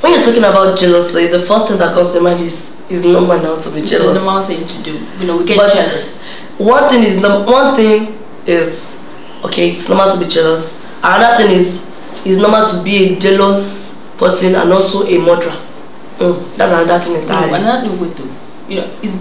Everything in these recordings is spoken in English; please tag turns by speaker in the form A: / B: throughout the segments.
A: when you're talking about jealousy, the first thing that comes to mind is is normal to be jealous. It's a
B: normal thing to do. You know, we get but jealous.
A: One thing is one thing is okay. It's normal to be jealous. Another thing is it's normal to be a jealous person and also a murderer. Mm, that's another thing entirely. No, another
B: thing we do. You know, is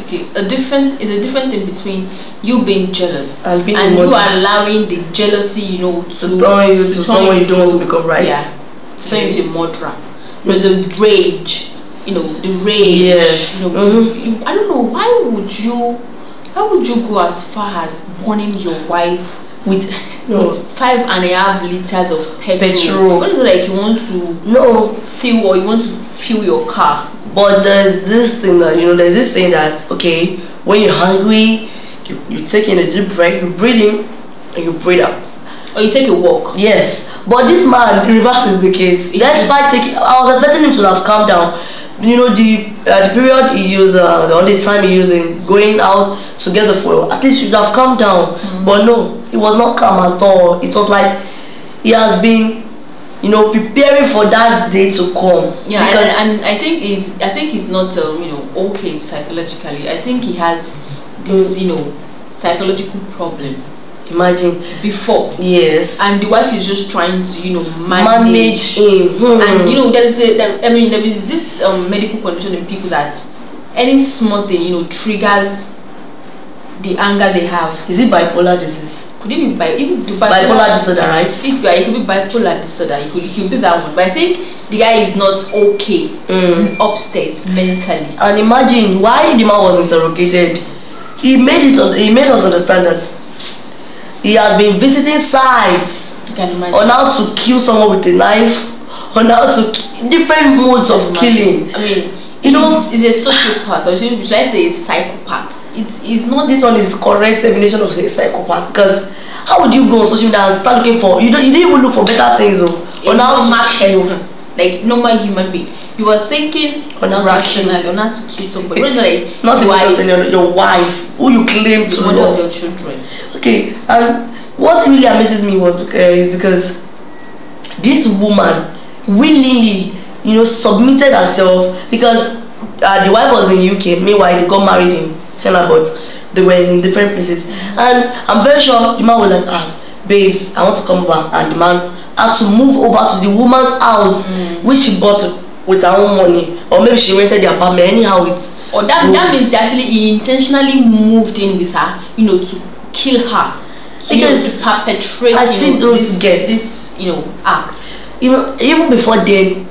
B: okay. A different is a different thing between you being jealous and, being and you allowing the jealousy, you know, to, to turn you to, to someone you don't want to become right. Yeah, to turn you to a murderer you know, the rage, you know, the rage. Yes. You know, mm -hmm. I don't know why would you, why would you go as far as burning your wife with no. with five and a half liters of petrol? Petrol. What is it like you want to no fuel or you want to fuel your car?
A: But there's this thing that you know, there's this thing that okay, when you're hungry, you you take in a deep breath, you breathe in, and you breathe out. Or you take a walk. Yes but this man reverses the case. Despite I was expecting him to have calmed down. You know, the uh, the period he used, uh, the only time he used in going out to get the photo, at least he should have calmed down. Mm. But no, he was not calm at all. It was like he has been you know preparing for that day to come yeah and,
B: and, i think he's i think he's not um, you know okay psychologically i think he has this mm. you know psychological problem imagine before yes and the wife is just trying to you know manage, manage him mm. and you know there's a there, i mean there is this um, medical condition in people that any small thing you know triggers the anger they have is it bipolar disease could it be bi even bipolar, bipolar disorder right it, it could be bipolar disorder it could, could be that one but i think the guy is not okay mm. upstairs mentally and imagine
A: why the man was interrogated he made it he made us understand that he has been visiting sites
B: on how
A: to kill someone with a knife on how to different modes of killing. I mean, you know, is a sociopath or should, should I say a psychopath? It is not this one is correct definition of a psychopath because
B: how would you go on social media and start looking for you don't you didn't even look for better things though on how normal person like normal human being you were thinking on how rationally on how to kill somebody not
A: like not your, wife. Your, wife who you claim to one love. of your children okay and what really amazes me was uh, is because this woman willingly you know submitted herself because uh, the wife was in UK meanwhile they got married in Senegal they were in different places and I'm very sure the man was like ah babes I want to come over and the man had to move over to the woman's house mm. which she bought with her own money or maybe she rented the apartment anyhow it or oh, that, that means
B: actually he intentionally moved in with her you know to kill her because you know, perpetrate I you know, this, get this you know act.
A: Even even before then,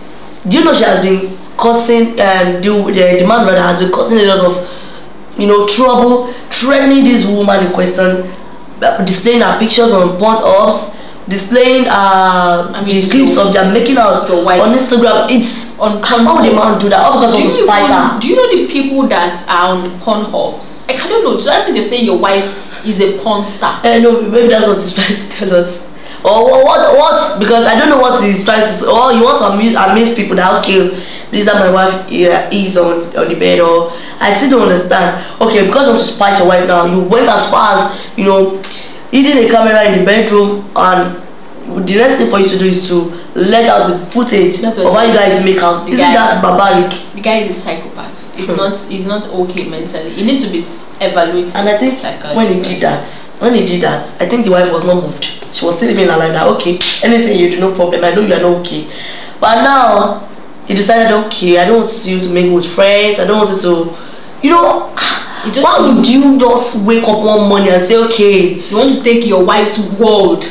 A: do you know she has been causing and um, the, the the man rather has been causing a lot of you know trouble, threatening this woman in question, uh, displaying her pictures on porn ops, displaying uh I mean, the clips of them making out wife. on Instagram. It's on how how the man do that? All because do of spider.
B: Do you know the people that are on porn ops? Like I don't know. That means you're saying your wife is a porn star. I eh, know, maybe that's what he's trying to tell us. Or what, what, what?
A: Because I don't know what he's trying to. Oh, he wants to amuse, amaze people that okay, this is that my wife yeah, is on on the bed. Or I still don't understand. Okay, because of to spite your wife now, you went as far as you know, hidden a camera in the bedroom, and the next thing for you to do is to let out the footage of how you guys make out. Isn't guy, that barbaric?
B: The guy is a psychopath. it's not it's not okay mentally. It needs to be evaluated. And I think when he did that,
A: when he did that, I think the wife was not moved. She was still living alive. life now. Okay, anything you do, no problem. I know you are not okay. But now he decided, okay, I don't want you to make with friends. I don't want you to, you know. Why would you just wake up one morning and say, okay, you want to take your wife's world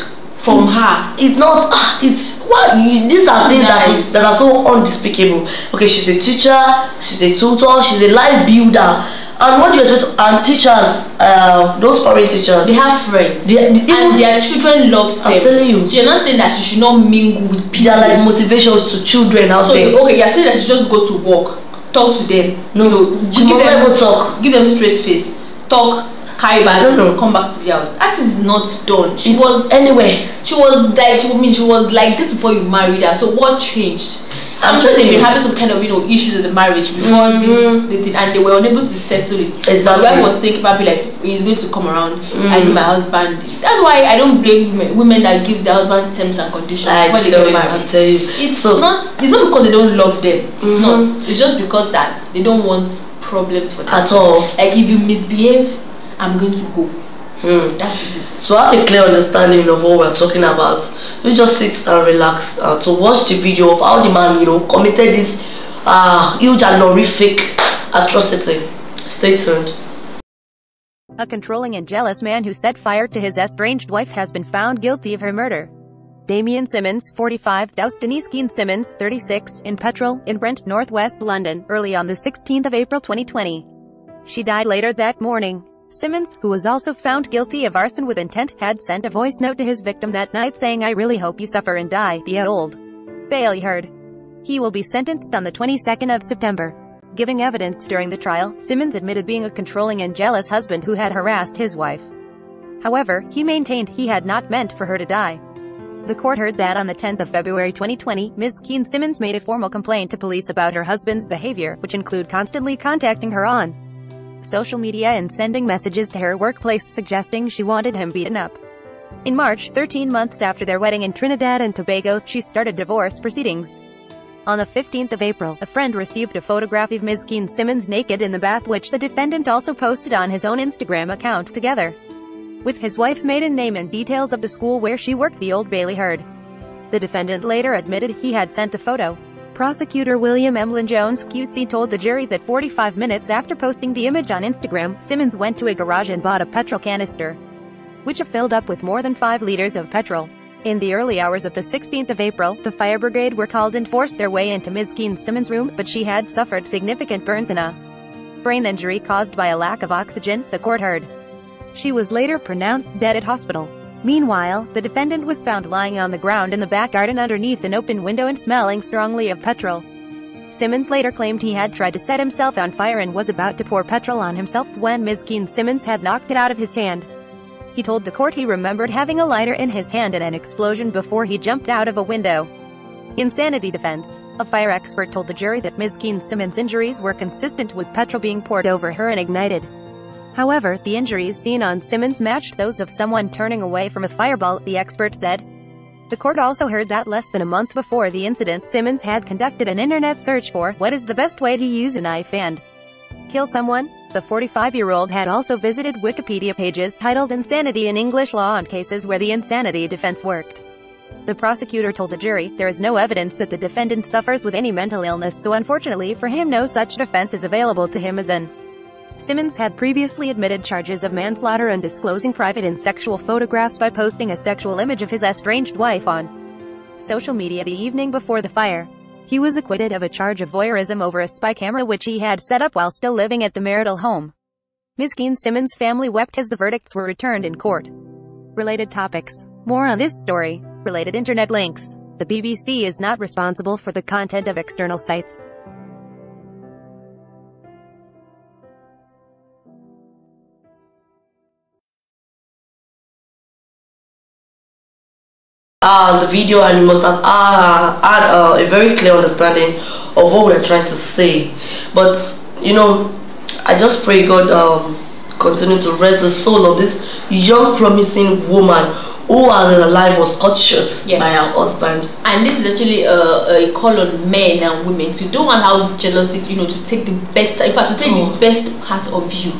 A: from it's, her. It's not. Ah, it's what you, these are things nice. that is that are so unspeakable. Okay, she's a teacher. She's a tutor. She's a life builder.
B: And what do you expect? And teachers, uh, those foreign teachers, they have friends. They, they, and their children loves them. I'm telling you. So you're not saying that she should not mingle with people. They're like motivations
A: to children out so, there. okay, you're saying that
B: she just go to work, talk to them. No, you know, she give them, talk. Give them straight face. Talk carry don't know. Come back to the house. That is not done. She was anywhere. She was like she, I mean, she was like this before you married her. So what changed? I'm, I'm sure they've been having some kind of you know issues in the marriage before mm -hmm. this thing, and they were unable to settle it. Exactly. I was thinking probably like he's going to come around mm. and mm-hmm. my husband. That's why I don't blame women, women that gives their husband terms and conditions I before they get married. I tell you. It's so, not. It's not because they don't love them. It's mm -hmm. not. It's just because that they don't want problems for them. At all. Like if you misbehave I'm going to go. Mm. That is it. So have a
A: clear understanding of what we're talking about. You just sit and relax and uh, to watch the video of how the man, you know, committed this uh, huge and horrific atrocity. Stay tuned.
C: A controlling and jealous man who set fire to his estranged wife has been found guilty of her murder. Damien Simmons, 45, doused Denise Keen Simmons, 36, in petrol, in Brent, northwest London, early on the 16th of April 2020. She died later that morning. Simmons, who was also found guilty of arson with intent, had sent a voice note to his victim that night saying I really hope you suffer and die, the old Bailey heard. He will be sentenced on the 22nd of September. Giving evidence during the trial, Simmons admitted being a controlling and jealous husband who had harassed his wife. However, he maintained he had not meant for her to die. The court heard that on the 10th of February 2020, Ms. Keene Simmons made a formal complaint to police about her husband's behavior, which include constantly contacting her on social media and sending messages to her workplace suggesting she wanted him beaten up. In March, 13 months after their wedding in Trinidad and Tobago, she started divorce proceedings. On the 15th of April, a friend received a photograph of Ms. Keen Simmons naked in the bath which the defendant also posted on his own Instagram account together with his wife's maiden name and details of the school where she worked the Old Bailey Heard. The defendant later admitted he had sent the photo. Prosecutor William Emlyn Jones QC told the jury that 45 minutes after posting the image on Instagram, Simmons went to a garage and bought a petrol canister, which filled up with more than 5 liters of petrol. In the early hours of the 16th of April, the fire brigade were called and forced their way into Ms. Keene Simmons' room, but she had suffered significant burns and a brain injury caused by a lack of oxygen, the court heard. She was later pronounced dead at hospital. Meanwhile, the defendant was found lying on the ground in the back garden underneath an open window and smelling strongly of petrol. Simmons later claimed he had tried to set himself on fire and was about to pour petrol on himself when Ms. Keen Simmons had knocked it out of his hand. He told the court he remembered having a lighter in his hand at an explosion before he jumped out of a window. Insanity defense. A fire expert told the jury that Ms. Keen Simmons' injuries were consistent with petrol being poured over her and ignited. However, the injuries seen on Simmons matched those of someone turning away from a fireball, the expert said. The court also heard that less than a month before the incident, Simmons had conducted an internet search for what is the best way to use a knife and kill someone. The 45-year-old had also visited Wikipedia pages titled Insanity in English Law on cases where the insanity defense worked. The prosecutor told the jury, there is no evidence that the defendant suffers with any mental illness so unfortunately for him no such defense is available to him as an Simmons had previously admitted charges of manslaughter and disclosing private and sexual photographs by posting a sexual image of his estranged wife on social media the evening before the fire. He was acquitted of a charge of voyeurism over a spy camera which he had set up while still living at the marital home. Ms. Keen Simmons' family wept as the verdicts were returned in court. Related topics. More on this story. Related internet links. The BBC is not responsible for the content of external sites. and ah, the video and you must have uh, had uh, a very
A: clear understanding of what we're trying to say but you know i just pray god um, continue to rest the soul of this young promising woman
B: who while alive was cut short yes. by her husband. And this is actually a, a, call on men and women to don't allow jealousy, you know, to take the better, in fact, to take oh. the mm. best part of you.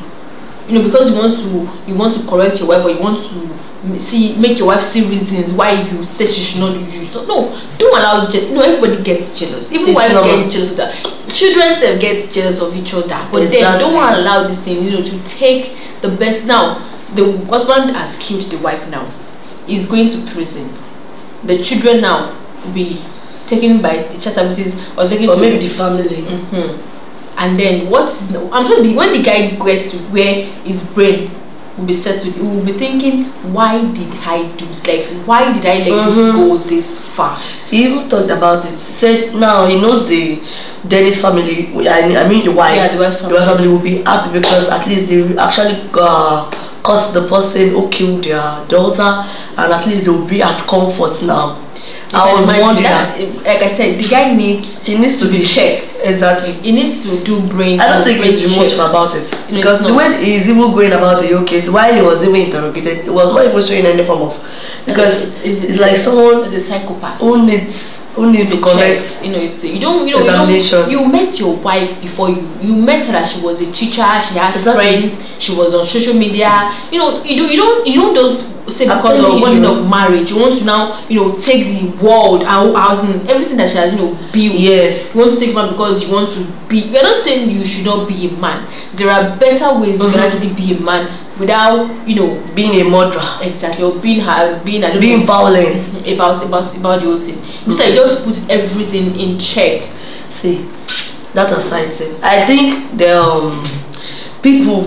B: You know, because you want to, you want to correct your wife, or you want to see make your wife see reasons why you say she should not do so no don't allow je- no everybody gets jealous even it's wives get jealous of that children self get jealous of each other but exactly. then don't want to allow this thing you know to take the best now the husband has killed the wife now is going to prison the children now be taken by teacher services or taken or to maybe the family mm-hmm. and then what's i'm sure the, when the guy gets to where his brain will be settled you will be thinking why did i do like why did i let mm -hmm. this mm-hmm. go this far he even talked about it said
A: now he knows the dennis family i mean the wife yeah, the wife family, the wife family will be happy because at least they actually uh, caught the person who killed their daughter and at least they will be at comfort now
B: I was wondering. Like I said, the guy needs he needs to, be checked.
A: Exactly. He
B: needs to do brain. I don't think he's
A: remorseful about it because the way he's even going about the whole case, while he was even interrogated, it was not even showing any form of because it's, it's, it's, like
B: someone is a psychopath who needs who needs to, to Checked. You know, it's you don't you know You, don't, you met your wife before you you met her. she was a teacher. She has exactly. friends. She was on social media. You know, you do you don't you don't just say because of burden of marriage you want to now you know take the world our housing everything that she has you know built yes you want to take man because you want to be you're not saying you should not be a man there are better ways mm -hmm. you can mm-hmm. actually be a man without you know being a murderer exactly or being her being I don't being know, violent about about about the whole thing just just put everything in check see that aside thing i think the um,
A: people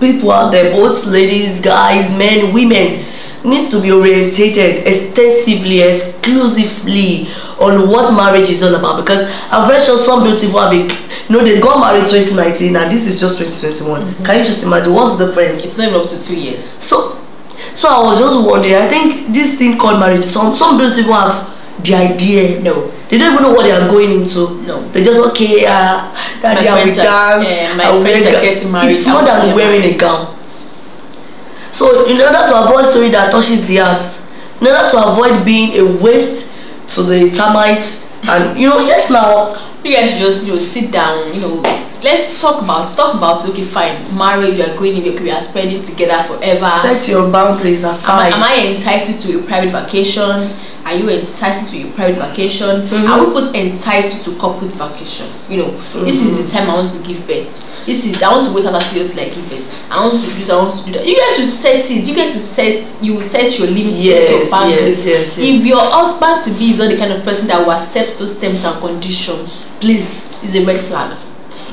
A: people out there both ladies guys men women needs to be orientated extensively, exclusively on what marriage is all about because I'm very sure some beautiful have a no they got married 2019 and this is just 2021. Mm -hmm. Can you just imagine what's the difference? It's not even up to two years. So so I was just wondering, I think this thing called marriage, some some beautiful have the idea. No. They don't even know what they are going into. No. They just okay, uh, ah, that my they are with dance. Uh, my friends are eh, getting married. It's more than wearing a gown. So in order to avoid story that touches the heart,
B: in order to avoid being a waste to the termites, and you know, yes now. You guys just you know sit down, you know. Let's talk about talk about okay fine marriage. You are going in, we are spending together forever. Set your boundaries aside. Am I, am I entitled to a private vacation? are you entitled to your private vacation? Mm-hmm. Are we both entitled to couples vacation? You know, mm-hmm. this is the mm-hmm. time I want to give birth. This is I want to wait after two years like I give birth. I want to do this, I want to do that. You guys should set it. You guys should set you will set your limits, yes, set your boundaries. Yes, yes, yes. If your husband to be is not the kind of person that will accept those terms and conditions, please, it's a red flag.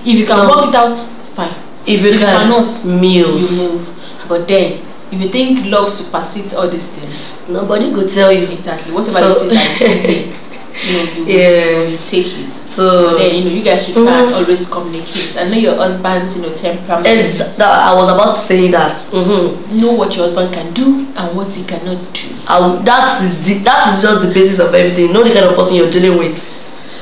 B: If you can um, work it out, fine. If you, if you cannot, meal. you move. But then if you think love supersedes all these things nobody could tell you exactly whatever so, it is that you're you know you, yes. take it so but then you know you guys should try mm-hmm. and mm. always communicate i know your husband's you know temperament is i was about to say that mm-hmm. know what your husband can do and what he cannot do
A: I, that is the, that is just the basis of everything know the kind of person you're dealing with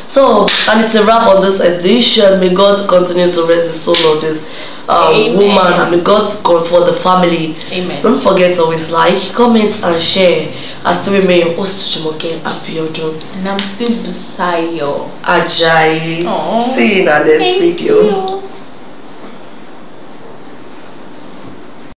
A: so, and it's a wrap on this edition. May God continue to raise the soul of this um, woman. May God comfort the family. Amen. Don't forget to always like, comment, and share. I still remain host Jumoke Abiodun. And I'm still beside you. Ajayi. Aww. See you in our next Thank video. You.